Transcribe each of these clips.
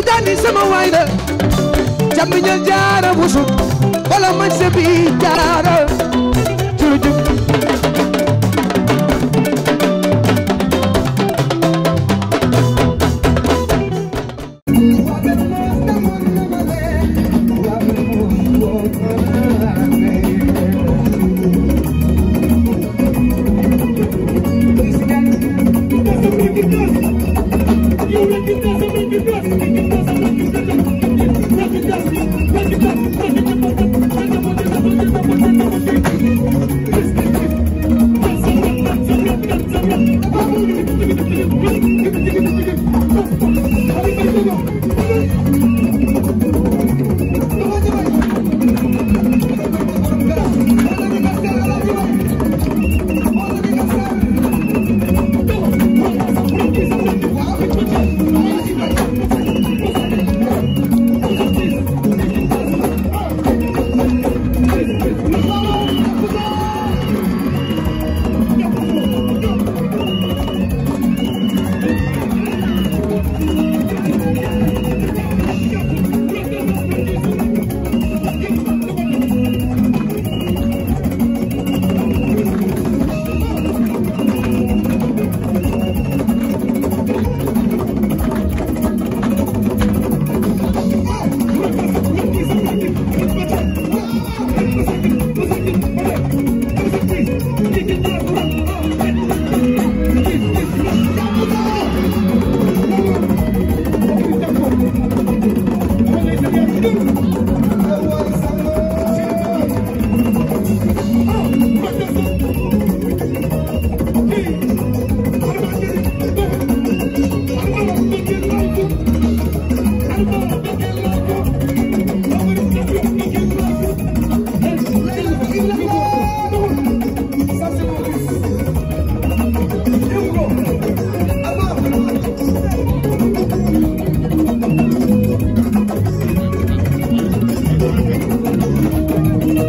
tijaani sama waay la jàmm ñal jaara busuk wala man sebi jaara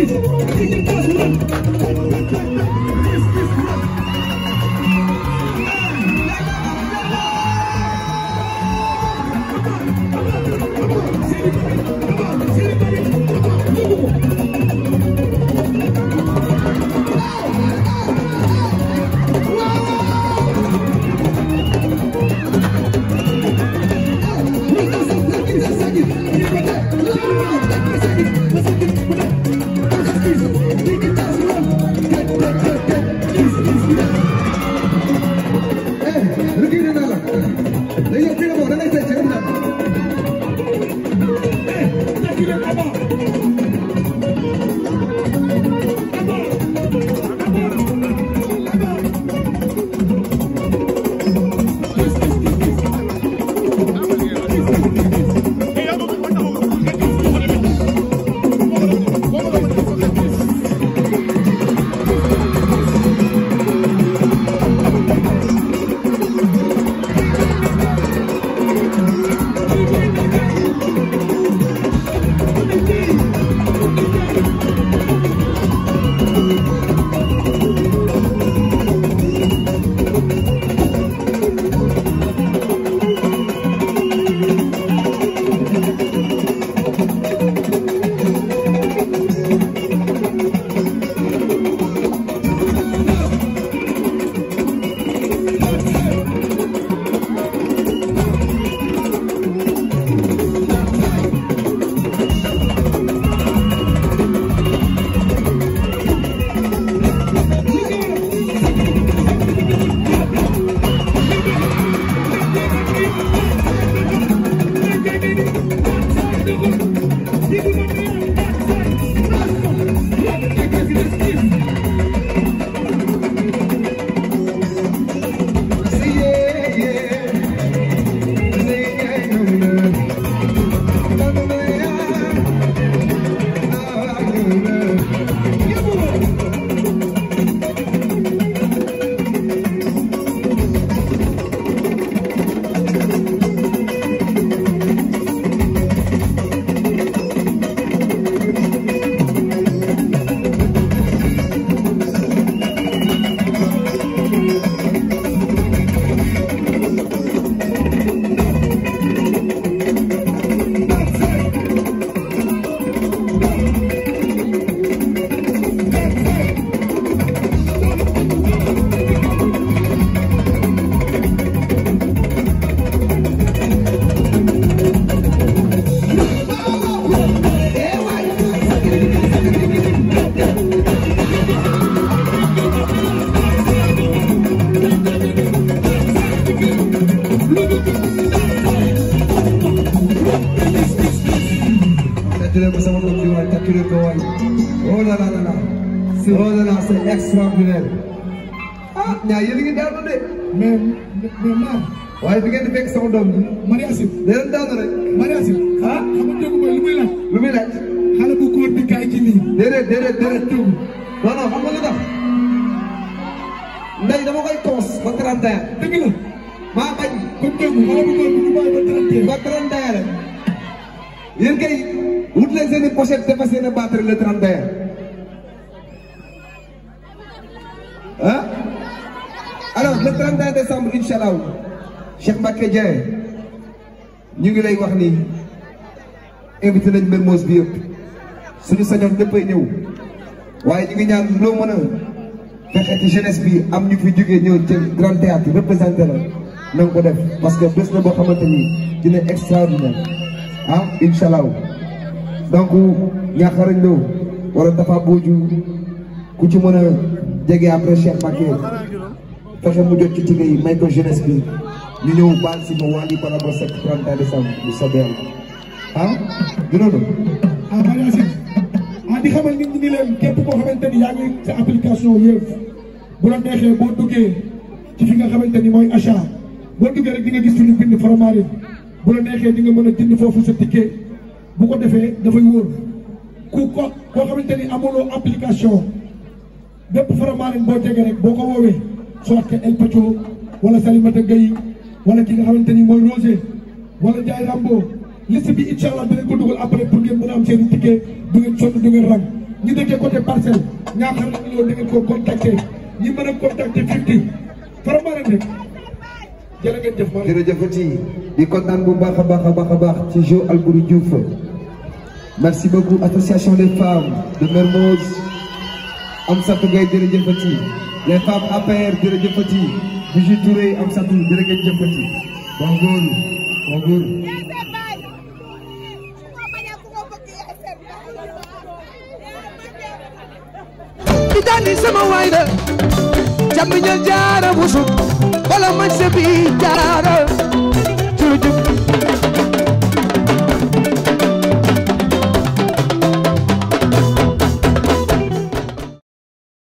Thank you. leen ko sama mbokk yi waaye takk leen ko waaye oh là là là là oh là là c'est extraordinaire ah ñaar yéen a ngi daanu de mais waaye fi ngeen di fekk sama doom bi Marie Asib da leen daanu rek Marie Asib ah xam nga dégg lu muy laaj lu bu góor bi kaay ci tuub non non xam nga lu tax ndey koos ba 31 dëgg la maa bañ comme bu góor bi du bàyyi ba 31 ba wut leen seen i pochette dafa seen i battre le 31 ah alors le 31 décembre incha allah ñu ngi lay wax ni invité nañ Mermoz bi yëpp suñu sañoon ñëppay ñëw waaye ñu ngi ñaan loo mën a fexe ci bi am ñu fi jógee ñëw ci grand théâtre représenté la na nga ko def parce que bés la boo xamante ni dina extraordinaire ah incha allah. donc ñax xarañ loo wala dafa booju ku ci mën a jege après Cheikh Mbacké fexe mu jot ci tigga yi may ko jeunesse bi ñu ñëw baal si mu wàññi par rapport ak 31 décembre bu soobee ah du noonu. ah xamal ni leen képp koo xamante ni yaa ngi sa application Wave bu la neexee boo duggee ci fi nga xamante ni mooy achat boo duggee rek di nga gis suñu bind bu la neexee di nga mën a jënd foofu sa ticket. bu ko defee dafay wóor ku ko koo xamante ni amuloo application bépp Faramareen boo jege rek boo ko woowee soit que El Pacho wala Salimata Gueye wala ki nga xamante ni mooy Roger wala Ndiaye Rambo liste bi incha allah dinañ ko dugal après pour ngeen mën a am seen i ticket du ngeen sonn du ngeen rang ñu dëkkee côté parcelle ñaaxal nañu loolu da ngeen ko te ñi mën a contacter fifty Faramareen rek jërë ngeen jëf. jërëjëf ci di bu baax a baax a baax a baax ci Jo Alboury Diouf. merci beaucoup association des femmes de Mermoz Amsatou Gaye jërëjëfati les femmes APR jërëjëfati Bijou Touré Amsatou jërëjëfati bonjour bonjour itani sama wayda jamiñal jaara busuk wala man sebi jaara